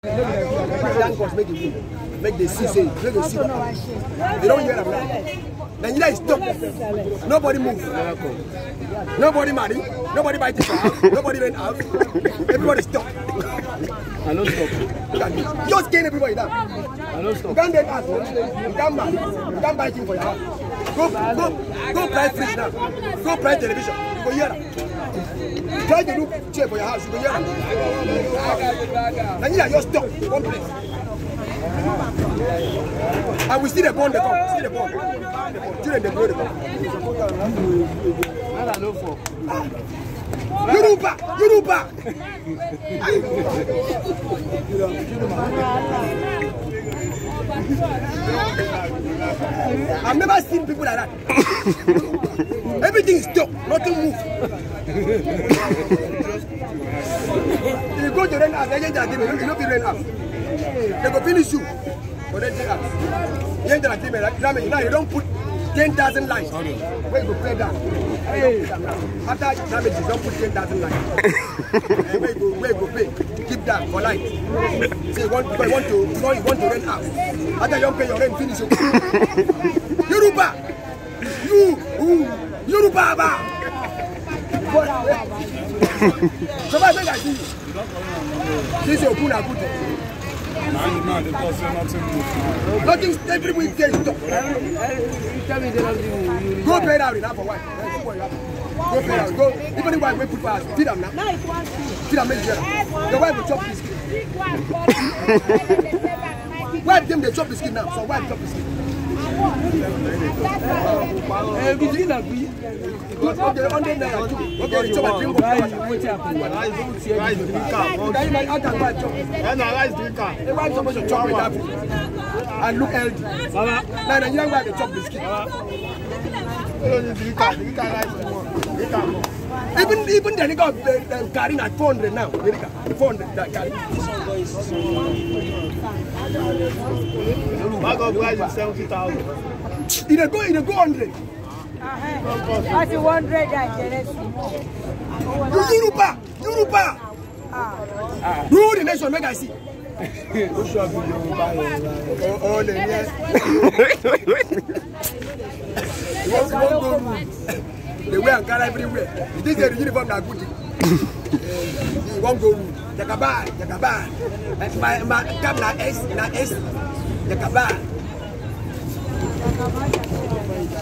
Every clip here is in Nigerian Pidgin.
Thank God, make the food. Make the see, say, make the see. They don't hear about Nigeria is top. Nobody move. Nobody marry. Nobody buy ticket. Nobody rent out. Everybody stop. I don't stop. Just gain everybody down. I don't stop. You can't rent house. You can't marry. You can't buy things for your house go go go prime fridge now go prime television you go hear am try dey look chair for your house you go hear am nigeria just stop one place and we still dey burn the cup still dey burn the cup children dey blow the cup. Ah. Yoruba, Yoruba. I've never seen people like that. Everything is stuck, nothing moves. you go to rent house, agent are giving you, no be rent They go finish you for renting house. Agent are giving that, that now you don't put ten thousand lines wey go clear that. hey after damage Don't don put ten thousand lines eh, wey go wey go pay keep that for light say you want you want to you know, you want to rent out. after you don pay your rent finish you go yoruba you who yoruba ba. Somebody say that to you. Since you open a good Now they don't nothing move now. Nothing, every week Tell me they Go pay down now for what? Go pay out. Go. Even the I wait put pass, feed them now. Now it's one thing. Feed them later. The wife will chop biscuit. Wife them they chop skin now. So wife chop skin? biscuit. Everything agree hundred hundred naira two okay why you suppose to chop Even even the nigga uh, uh, carrying at 400 now, the 400 that carry. Bag of rice is 70,000. He dey go, he dey go 100 wọ́n ti one hundred àjẹrẹ sí i. Yoruba Yoruba rule ah. the nation make I see. Oṣù àbí Yorùbá Yorùbá ọ̀ lè ní ẹ. Wọ́n ti wọ́n gbóòmù. They wear Ankara everywhere. You think their uniform na good? You wan go wood. Jagaban, Jagaban. My my cap na S na S. Jagaban.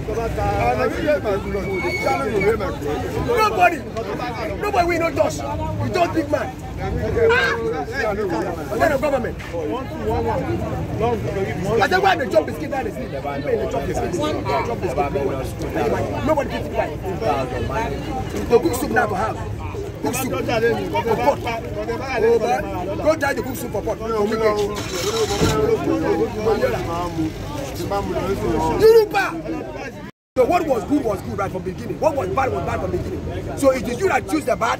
Nobody, nobody we not does. You don't big man. Ah! Then the government. I said, why they chop biscuit that is given? They chop biscuit. Chop Nobody gives it back. The cook soup now for half cook soup for pot. Oh, man. Go try the cook soup for pot. Come Yoruba! So what was good was good right from beginning. What was bad was bad from beginning. So it is you that choose the bad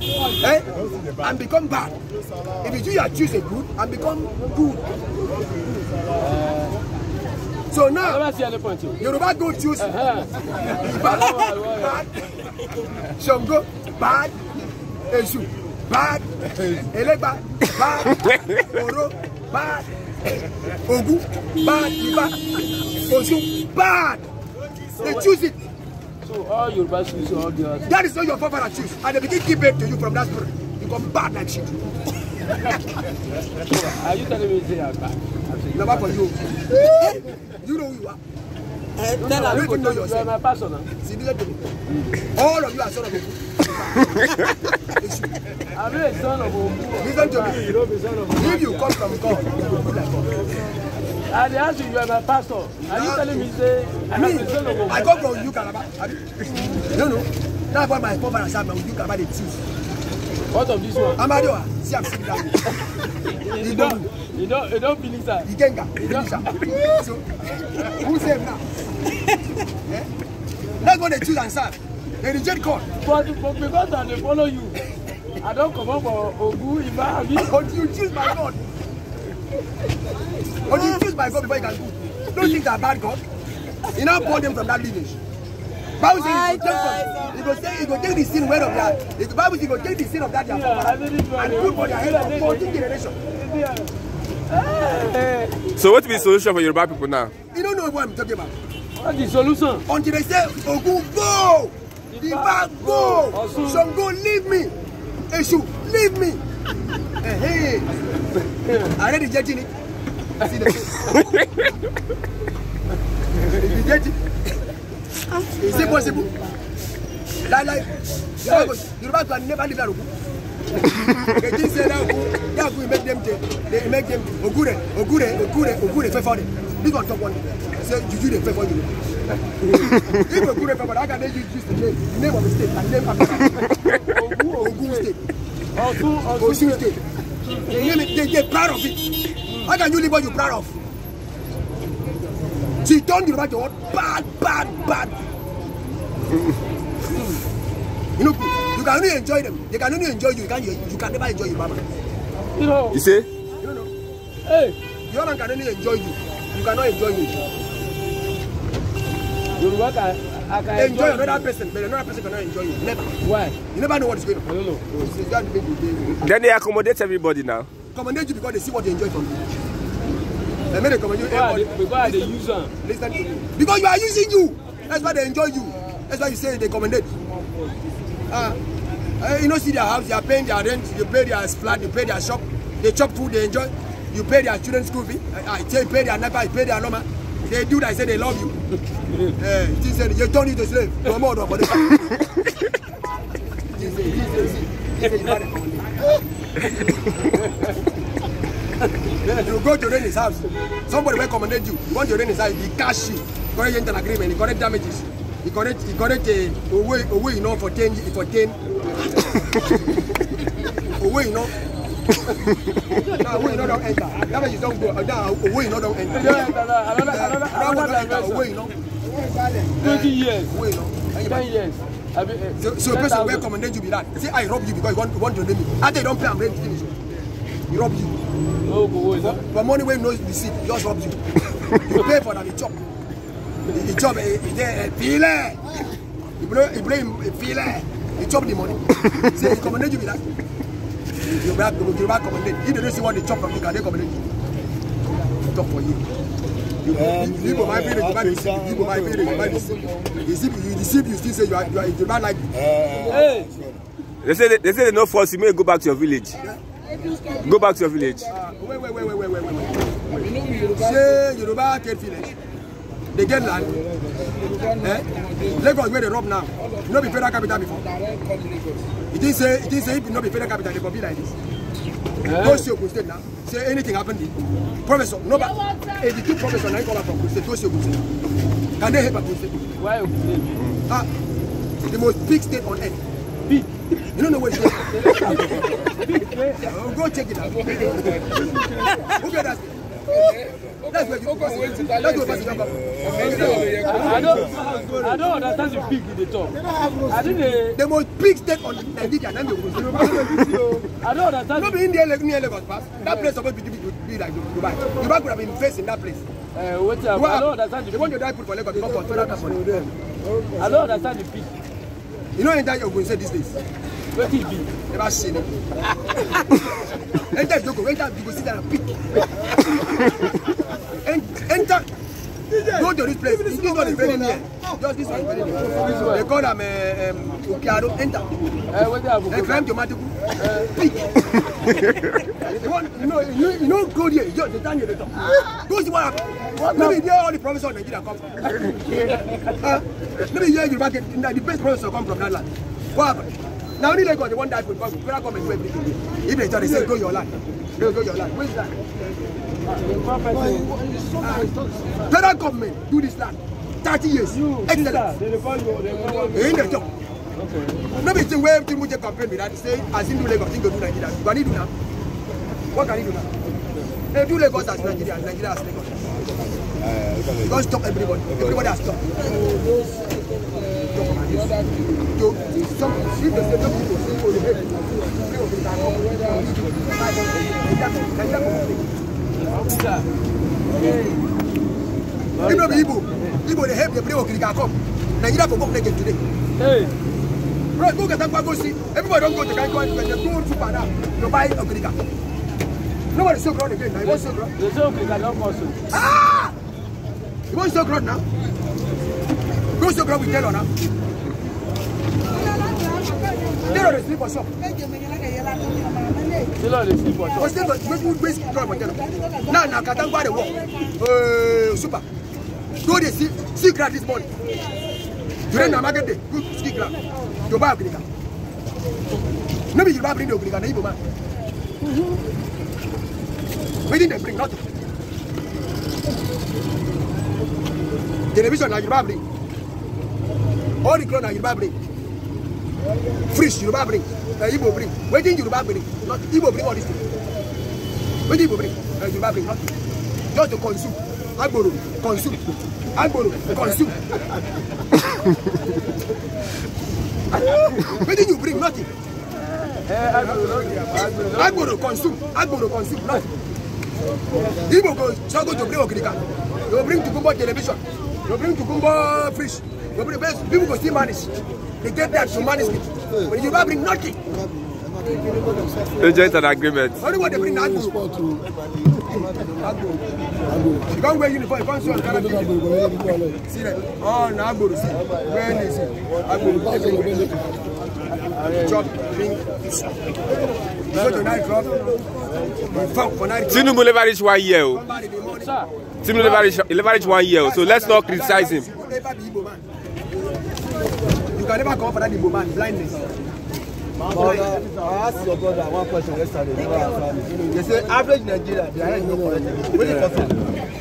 yeah. eh? and become bad. If it's you that choose the good and become good. So now, Yoruba go choose uh -huh. bad, bad, Shango, bad, Èṣù, bad, Elegba, bad, Oro, bad. Ogu, bad, bad. Osun, bad. They choose it. So all Yoruba choose all the others. That is not your father choose. And they begin give birth to you from that spirit. You become bad like shit. are you telling me say I'm bad? Never for you. you know who you are. Uh, no, no, you, you, you are my pastor now. See, all of you are son of Ogu. Are you a son of Obu. Listen to me. You know, son of if you come from God, you will be like God. And they ask you, you are my pastor. Are you telling me, say, I have the son of Obu? I come from Uju Calabar. No, no. That's why my father forefathers are Uju Calabar, they thief. What of this one? Amadio, see I'm sitting down. You don't, you don't, you don't finish that. You can't go. You don't. So, who saved now? yeah? That's what they choose and serve. They reject God. But, but because I dey follow you, I don comot for Ogu my army. But you choose my God. But you choose my God before you can go. Don't think that bad God. You now pull them from that lineage. Bible says he will take from he go say he go take the sin well of that. the Bible says he go take the sin of that their forefather and put for their head for fourteen generations. So what is the solution for your Yoruba people now? You don't know what I'm talking about. What is the solution? Until they say, Ogun, go! Ìbà go some go leave me Èṣù leave me ààrẹ ìdíjẹ́ jí ni ìdíjẹ́ jí is it possible láíláí Yorùbá gba never leave àròkù kejì ń sẹ́yìn náà kú yàgò ìmẹ́gẹ́mdé ìmẹ́gẹ́mdé ògúrẹ̀ ògúrẹ̀ ògúrẹ̀ ògúrẹ̀ fẹ́fọ́ rẹ̀. This one top one day. I say, Juju, they favor you. if you good favor, I can use the name, the name of the state, and name of the state. Ogun, Ogun state. Ogun, Ogun state. state. They name it, they, proud of it. How can you live what you proud of? She turned the right word, bad, bad, bad. you know, you can only enjoy them. They can only enjoy you. You can, you, you can never enjoy your mama. You know. You see? You know. Hey. Your man can only enjoy you you cannot enjoy you. Yoruba can, I enjoy, enjoy another person, but another person cannot enjoy you. Never. Why? You never know what is going on. Then they accommodate everybody now. Accommodate you because they see what they enjoy from you. They made a comment. Because are they user? Listen to me. Because you are using you. That's why they enjoy you. That's why you say they accommodate. Uh, you know, see their house, they are paying their rent, they pay their flat, they pay their shop, they chop food, they enjoy. You pay their children school fee. I, say pay their NEPA, I pay their normal. They do that, I say they love you. uh, you said, you turn into slave. No more, no more. He said, you go to rain his house. Somebody will commendate you. You want to rain his house, he cash you. Correct an agreement, he correct damages. He correct, he correct uh, eh, away, away, you know, for ten. for ten. away, you know now owó iná don enter that means you don go now owó iná don enter. that one don enter owó iná. twenty years ten years. Abi, uh, so, so person wey commendate you be that say i rob you because you want, you want to me after you don pay am rent finish he rob you no, go away, for, for money wey no receipt just rob you you pay for that he chop he, he chop he, he dey uh, he blow he blow him uh, he chop the money say he come and commendate you be that the Yoruba, the Yoruba community. You don't see what they chop from the Ghanaian community. Talk for you. You people um, might be the Yoruba, you people might You deceive, you deceive, you still say you are, you are a Yoruba like. Uh, hey. They say they, say they no force you. May go back to your village. Go back to your village. Uh, wait, wait, wait, wait, wait, wait, Say Yoruba get village. They get land. Eh? Lagos where they rob now e no be federal capital before e think say e think say if e no be federal capital dey will be like this eh? go see ogun state now. say anything happened. to professor no ba eighty two professor na him come out from ogun state go see ogun state can they help ogun state. why ogun state. ah the most big state on earth. big. You don't know where it's going. go check it out. Who get that? That's where you go. That's where you go. in the top. I think they... The most pig on Nigeria, then they will. I don't understand. No be in the elephant pass. That place supposed to be, be like Dubai. Dubai could have been faced in that place. Eh, I don't understand the pig. The you die put for Lagos, not for say these days. What it Never seen it. Enter Joko, enter Joko, sit down and pick enter go to this place this one is very near just this one is very near they call am um, okearo enter eh, they eh, climb tomato pick you want you know you you know go there you just dey stand there dey talk go see what happen no be there all the provinces of nigeria come from ah no be there yoruba get na the best provinces come from that land what happen. Now only Lagos they die for because federal government do everything. If they tell they say go your land, they go your land. Where is that? Federal government do this land. 30 years. You, sister, they report you. They No be the way Tinubu just campaign with that. Say, as in do Lagos, him go do Nigeria. What can he do now. What can he do now? They do Lagos as Nigeria, and Nigeria as Lagos. Don't stop everybody. Everybody has stopped. So, some, if the same people say, oh, they hate, they will be back up. Nigeria, Nigeria, Nigeria. If no be Igbo, Igbo dey help the play Okirika come. have to come naked today. Hey. Bro, go get that go see. Everybody don't go to Kanko and they go to Pada to buy Okirika. Nobody so ground again. Now you want so ground? They say Okirika don't cost Ah! You want so ground now? Go so ground with Taylor now. Zero dey sleep for shop. Zero dey sleep for shop. Osin go make you waste drug for jail. Now na Katangwa dey work. Uh, super. Go dey see see crowd this morning. Today na market day. Go see crowd. Yoruba Ogirika. No be Yoruba bring the Ogirika, na Igbo man. Wetin bring nothing. Television na Yoruba bring. All the clothes na Yoruba bring. Fresh Yoruba bring, uh, Igbo bring. Wetin Yoruba bring, not Igbo bring all this thing. Wetin Igbo bring, uh, Yoruba bring, nothing. Just to consume. Agboro, consume. Agboro, consume. Wetin you bring, nothing. Agboro consume, Agboro consume, nothing. Igbo go struggle to bring Okirika. You bring to Kumbo television. You bring cucumber fish. You bring best. People go still manage. They get that to manage it. But you don't bring nothing. They just an agreement. Only what they bring that You can't wear uniform. You can't see on Ghana TV. See that? Oh, now go to see. Where is it? I go to Chop, drink. Tinubu leverage one year. Tinubu leverage, leverage one year. So let's not criticize him. You can never come for that Igbo man blindness. Brother, I asked your brother one question yesterday. They say average Nigeria, they are not correct. What is concern?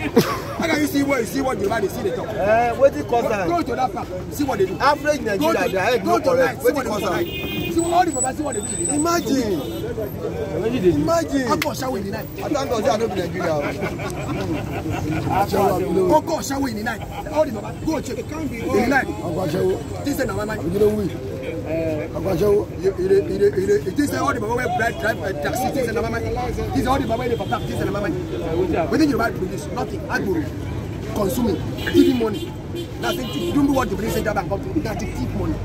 How can you see what you see what the see the top? Eh, what is concern? Go to that park, see what they do. Average Nigeria, they are not correct. What is concern? see all the Baba see what they do today. Imagine. Imagine. Akọ ṣáwó ìní náà. Adáńtọ̀ sí Adóbi Nàìjíríà. Ọkọ ṣáwó ìní náà. All the Baba go check. Ìní náà. Ọkọ ṣáwó. Tí sẹ́ni àwọn máa. you, wí. Ọkọ ṣáwó. Ire ire ire. Tí sẹ́ni all the Baba wey bread drive eh, taxi tí sẹ́ni àwọn máa. Tí sẹ́ni all the Baba wey dey for park tí sẹ́ni àwọn máa. Wetin Yorùbá produce nothing agboro consuming giving money. That's it. You don't do what the police central bank come to do. That's the thief money.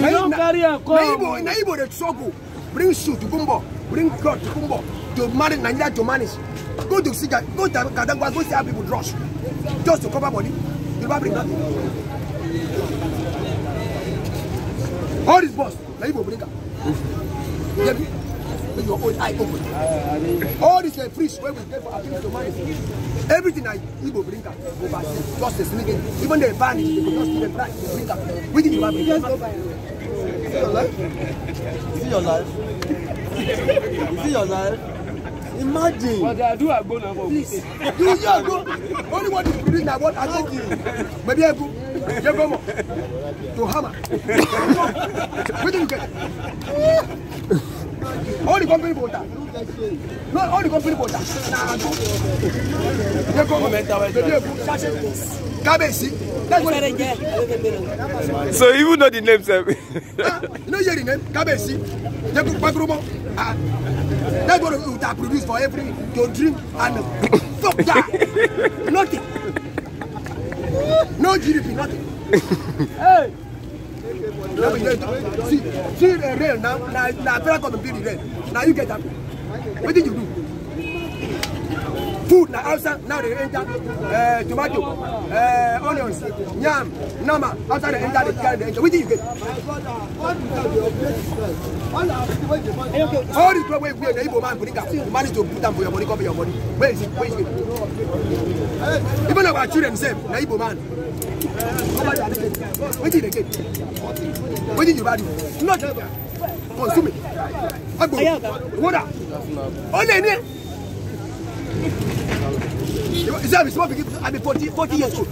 you don't carry a call. Na Igbo, na Igbo oh. Bring shoe to Kumbo. Bring cloth to Kumbo. To marry Nigeria to manage. Go to see go to Kadangwa, go see how people rush. Just to cover body. You don't bring nothing. All this boss, na Igbo bring am with your own eye open. All this uh, eh, priest wey we dey for Abia to marry. Everything na Igbo bring am overseas, just a sneaking. Even the ban, they go just give them price, bring am. Wetin you wan bring? Is your life? Is it your life? Is it your life? imagine. wọ́n do agbo please do you agbo only what you believe na what agbo maybe egu yego mo to hammer wetin you get company voter. No, all the company voters. Nah, go. They That's what they get. So even know the name, sir. Eh? Ah, you the name? Kabesi. They go back ah. That's what we that produce for every your dream and fuck that. Nothing. No GDP, nothing. hey see see the rail now na na federal government build the rail na you get am wetin you do food na outside now dey enter uh, tomato uh, onions yam nama outside dey enter dey carry dey enter wetin you get. all the club wey wear na igbo man bring am you manage to put am for your body cover your body where is it where is it even our children sef na igbo man. How much are they getting? What did they get? What did you value? Nothing. Consume it. Agbo. Water. Only in here. You see, I'm small because I'm 40, 40 years old.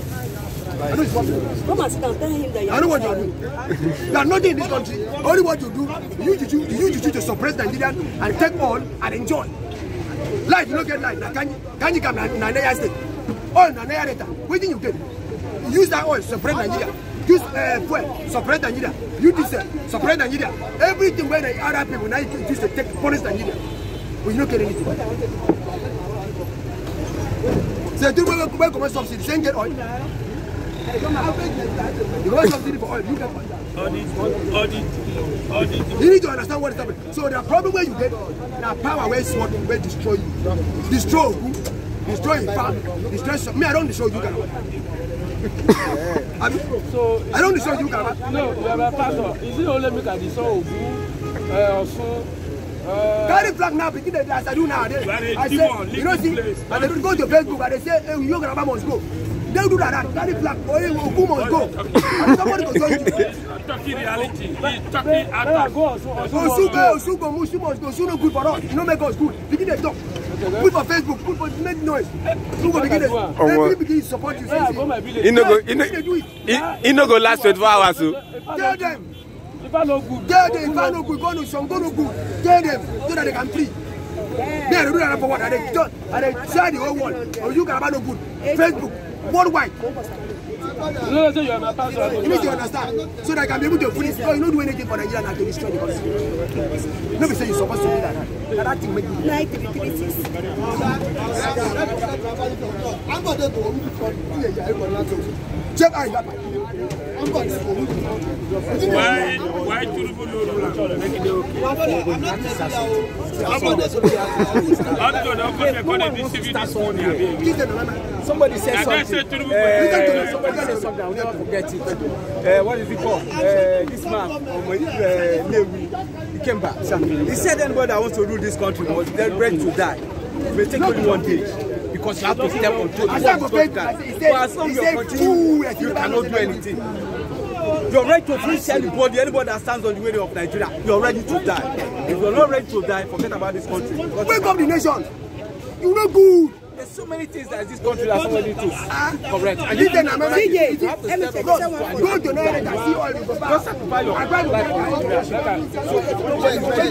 I know it's possible. Come and sit and tell him that you I know what you are doing. You are nothing in this country. Only what you do, you use you, you use you to suppress Nigerian and take on and enjoy. Life, you don't get life. Now, can you, can you come to Nigeria state? All Nigeria data. What did you get? Use that oil, separate Nigeria. Use uh, fuel, support Nigeria. Use diesel, separate Nigeria. Everything where the Arab people now use to take police Nigeria. We don't get anything. So do we go come subsidy? Send get oil. You want subsidy for oil, you get oil. Audit, audit, audit. You need to understand what is happening. So the problem where you get, now power where it's what will destroy you. Destroy who? Destroy your family. Destroy some. Me, I don't destroy you. Guys. I mean, so I don't disown you, Kaba. No, you are a pastor. Is it only me that disown Ogu, uh, eh, Osun? Uh, eh? Carry flag now, begin the as I do nowadays. I say, you know, see, and they go to Facebook and they say, hey, eh, you Grandma must go. They do that, carry flag, oh, hey, Ogu must go. And somebody go join you. Talking reality, he's talking Osun go, Osun go, Osun must go, Osun no good for us, e no make us good. Begin the talk put for facebook put for make noise oh, no go begin dey every begin support you say say e no go e no e no go last oh. Tell them. hours o. no good. tell them. dem ifa no good Go gonu sango no good tell them so that they can free. Yeah. They do that for what? And they, and share the whole world. Or you can have no good. Facebook, worldwide. You know, so you are my pastor. You need to understand. So that I can be able to finish. No, you don't do anything for Nigeria now to destroy the country. No, be say you're supposed to do that. That, that thing make you. Like the criticism. Check out that. Why, why Tinubu no rule am? Make e dey okay. How do the government call them this civil this morning? Somebody said something. Eh, eh, somebody said something. I will never forget it. Eh, what is it called? this man, uh, Lewi, he came back. He said anybody that wants to rule this country must be ready to die. It may take only one day because you have to step on toe to stop that. For as long as you are continuing, you cannot do anything. Your right to free anybody. anybody that stands on the way of Nigeria, you're ready to die. If you're not ready to die, forget about this country. Wake up the nation! You're not good! There's so many things that this country has already to ah, correct. And you, then I'm not DJ, have me go, go to Nigeria and see all the Just sacrifice your life.